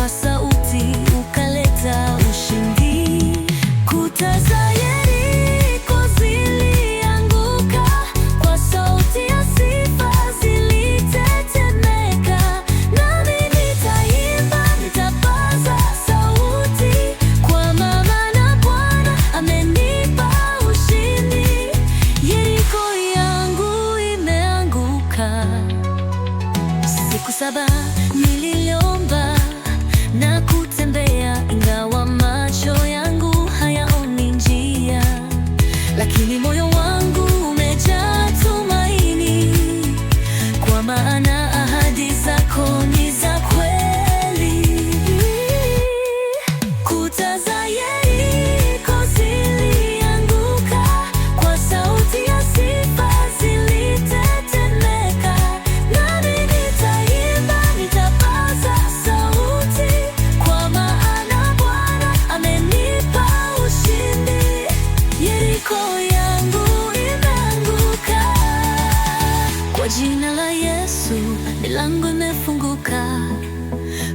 kwa sauti ukaleta ushindi. Kuta Yeriko zilianguka, kwa sauti ya sifa zilitetemeka. Nami nitaimba, nitapaza sauti, kwa maana Bwana amenipa ushindi. Yeriko yangu imeanguka siku jina la Yesu milango imefunguka,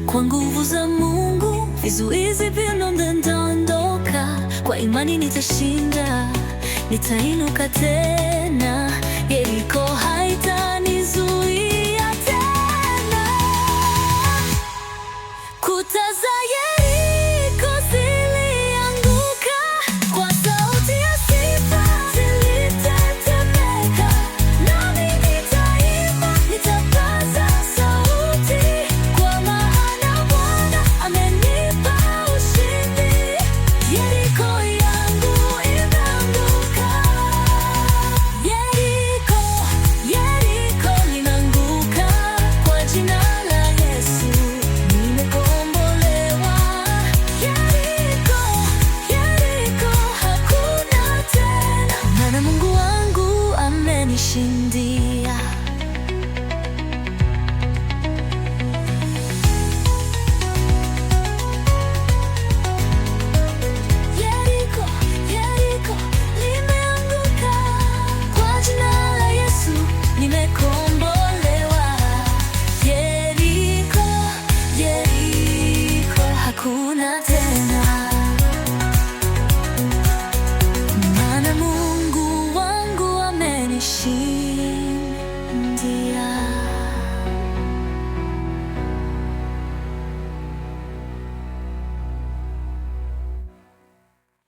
kwa nguvu za Mungu vizuizi vinaondoka. Kwa imani nitashinda, nitainuka tena.